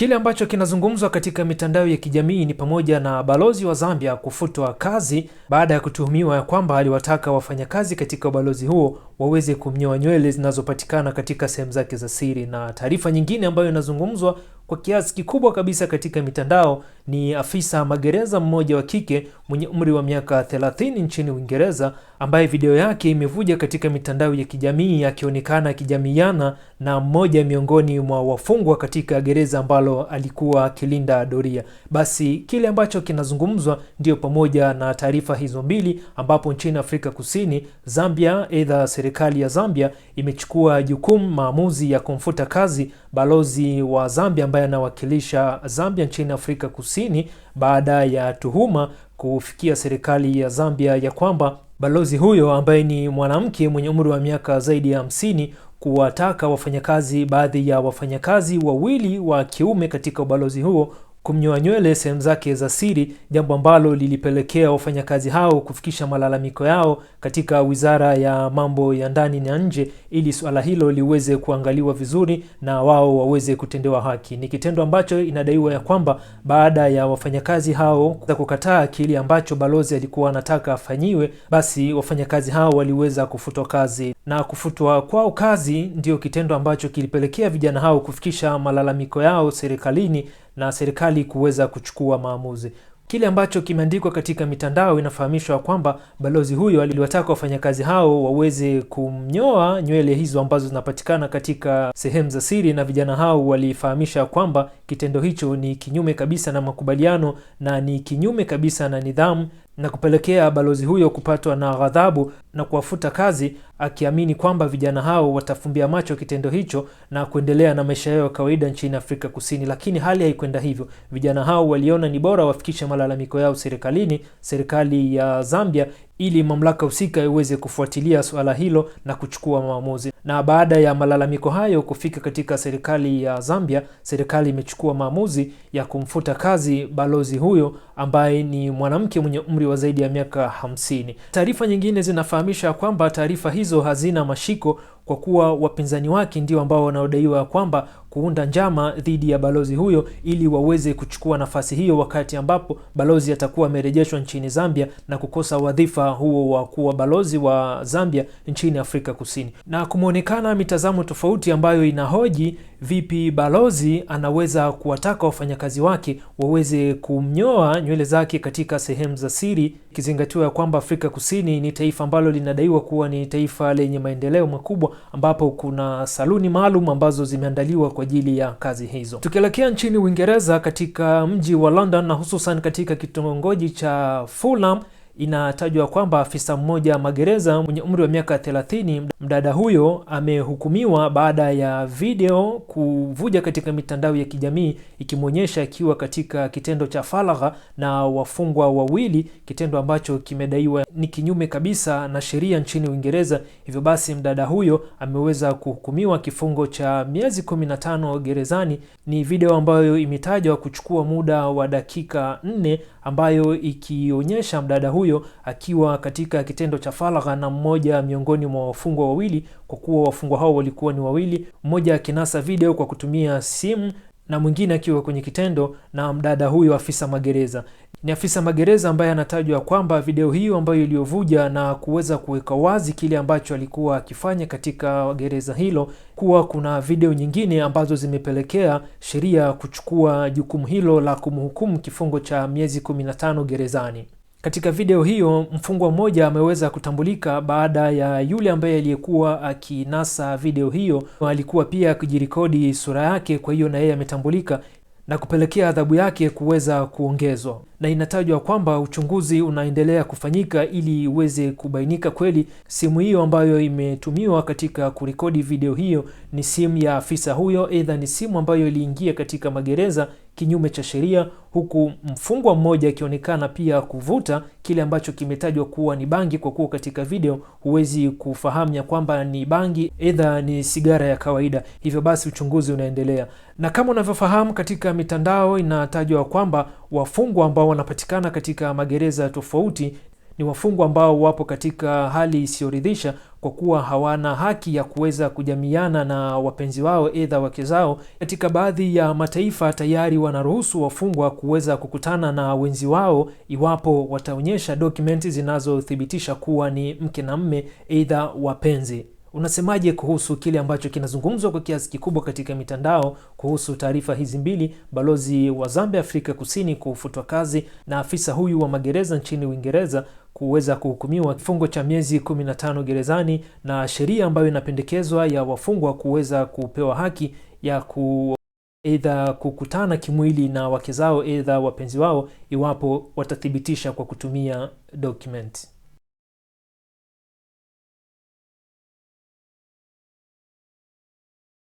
Kile ambacho kinazungumzwa katika mitandao ya kijamii ni pamoja na balozi wa Zambia kufutwa kazi baada ya kutuhumiwa ya kwamba aliwataka wafanyakazi katika ubalozi huo waweze kumnyoa nywele zinazopatikana katika sehemu zake za siri. Na taarifa nyingine ambayo inazungumzwa kwa kiasi kikubwa kabisa katika mitandao ni afisa magereza mmoja wa kike mwenye umri wa miaka 30 nchini Uingereza ambaye video yake imevuja katika mitandao ya kijamii akionekana akijamiana na mmoja miongoni mwa wafungwa katika gereza ambalo alikuwa akilinda doria. Basi kile ambacho kinazungumzwa ndiyo pamoja na taarifa hizo mbili, ambapo nchini Afrika Kusini, Zambia, aidha serikali ya Zambia imechukua jukumu maamuzi ya kumfuta kazi balozi wa Zambia ambaye anawakilisha Zambia nchini Afrika Kusini baada ya tuhuma kufikia serikali ya Zambia ya kwamba balozi huyo ambaye ni mwanamke mwenye umri wa miaka zaidi ya hamsini kuwataka wafanyakazi, baadhi ya wafanyakazi wawili wa kiume katika ubalozi huo kumnyoa nywele sehemu zake za siri, jambo ambalo lilipelekea wafanyakazi hao kufikisha malalamiko yao katika Wizara ya Mambo ya Ndani na Nje ili suala hilo liweze kuangaliwa vizuri na wao waweze kutendewa haki. Ni kitendo ambacho inadaiwa ya kwamba baada ya wafanyakazi hao za kukataa kile ambacho balozi alikuwa anataka afanyiwe, basi wafanyakazi hao waliweza kufutwa kazi, na kufutwa kwao kazi ndio kitendo ambacho kilipelekea vijana hao kufikisha malalamiko yao serikalini na serikali kuweza kuchukua maamuzi. Kile ambacho kimeandikwa katika mitandao inafahamishwa kwamba balozi huyo aliwataka wafanyakazi hao waweze kumnyoa nywele hizo ambazo zinapatikana katika sehemu za siri, na vijana hao walifahamisha kwamba kitendo hicho ni kinyume kabisa na makubaliano na ni kinyume kabisa na nidhamu na kupelekea balozi huyo kupatwa na ghadhabu na kuwafuta kazi, akiamini kwamba vijana hao watafumbia macho kitendo hicho na kuendelea na maisha yao ya kawaida nchini Afrika Kusini. Lakini hali haikwenda hivyo. Vijana hao waliona ni bora wafikishe malalamiko yao serikalini, serikali ya Zambia ili mamlaka husika iweze kufuatilia suala hilo na kuchukua maamuzi. Na baada ya malalamiko hayo kufika katika serikali ya Zambia, serikali imechukua maamuzi ya kumfuta kazi balozi huyo ambaye ni mwanamke mwenye umri wa zaidi ya miaka 50. Taarifa nyingine zinafahamisha kwamba taarifa hizo hazina mashiko kwa kuwa wapinzani wake ndio ambao wanaodaiwa kwamba kuunda njama dhidi ya balozi huyo ili waweze kuchukua nafasi hiyo wakati ambapo balozi atakuwa amerejeshwa nchini Zambia na kukosa wadhifa huo wa kuwa balozi wa Zambia nchini Afrika Kusini. Na kumeonekana mitazamo tofauti ambayo inahoji vipi balozi anaweza kuwataka wafanyakazi wake waweze kumnyoa nywele zake katika sehemu za siri, ikizingatiwa ya kwamba Afrika Kusini ni taifa ambalo linadaiwa kuwa ni taifa lenye maendeleo makubwa, ambapo kuna saluni maalum ambazo zimeandaliwa kwa ajili ya kazi hizo. Tukielekea nchini Uingereza, katika mji wa London na hususan katika kitongoji cha Fulham Inatajwa kwamba afisa mmoja magereza mwenye umri wa miaka 30, mdada huyo amehukumiwa baada ya video kuvuja katika mitandao ya kijamii ikimwonyesha akiwa katika kitendo cha falagha na wafungwa wawili, kitendo ambacho kimedaiwa ni kinyume kabisa na sheria nchini Uingereza. Hivyo basi mdada huyo ameweza kuhukumiwa kifungo cha miezi 15 gerezani. Ni video ambayo imetajwa kuchukua muda wa dakika 4 ambayo ikionyesha mdada huyo huyo akiwa katika kitendo cha faragha na mmoja miongoni mwa wafungwa wawili, kwa kuwa wafungwa hao walikuwa ni wawili, mmoja akinasa video kwa kutumia simu na mwingine akiwa kwenye kitendo na mdada huyo afisa magereza. Ni afisa magereza ambaye anatajwa kwamba video hiyo ambayo iliyovuja na kuweza kuweka wazi kile ambacho alikuwa akifanya katika gereza hilo, kuwa kuna video nyingine ambazo zimepelekea sheria kuchukua jukumu hilo la kumhukumu kifungo cha miezi 15 gerezani. Katika video hiyo mfungwa mmoja ameweza kutambulika baada ya yule ambaye aliyekuwa akinasa video hiyo alikuwa pia akijirikodi sura yake, kwa hiyo na yeye ametambulika na kupelekea adhabu yake kuweza kuongezwa, na inatajwa kwamba uchunguzi unaendelea kufanyika ili uweze kubainika kweli simu hiyo ambayo imetumiwa katika kurekodi video hiyo ni simu ya afisa huyo, aidha ni simu ambayo iliingia katika magereza kinyume cha sheria, huku mfungwa mmoja akionekana pia kuvuta kile ambacho kimetajwa kuwa ni bangi, kwa kuwa katika video huwezi kufahamu ya kwamba ni bangi aidha ni sigara ya kawaida. Hivyo basi uchunguzi unaendelea, na kama unavyofahamu, katika mitandao inatajwa kwamba wafungwa ambao wanapatikana katika magereza tofauti ni wafungwa ambao wapo katika hali isiyoridhisha kwa kuwa hawana haki ya kuweza kujamiana na wapenzi wao edha wake zao. Katika baadhi ya mataifa tayari wanaruhusu wafungwa kuweza kukutana na wenzi wao iwapo wataonyesha dokumenti zinazothibitisha kuwa ni mke na mme, eidha wapenzi. Unasemaje kuhusu kile ambacho kinazungumzwa kwa kiasi kikubwa katika mitandao kuhusu taarifa hizi mbili, balozi wa Zambia Afrika Kusini kufutwa kazi na afisa huyu wa magereza nchini Uingereza kuweza kuhukumiwa kifungo cha miezi 15 gerezani na sheria ambayo inapendekezwa ya wafungwa kuweza kupewa haki ya ku aidha kukutana kimwili na wake zao aidha wapenzi wao iwapo watathibitisha kwa kutumia document.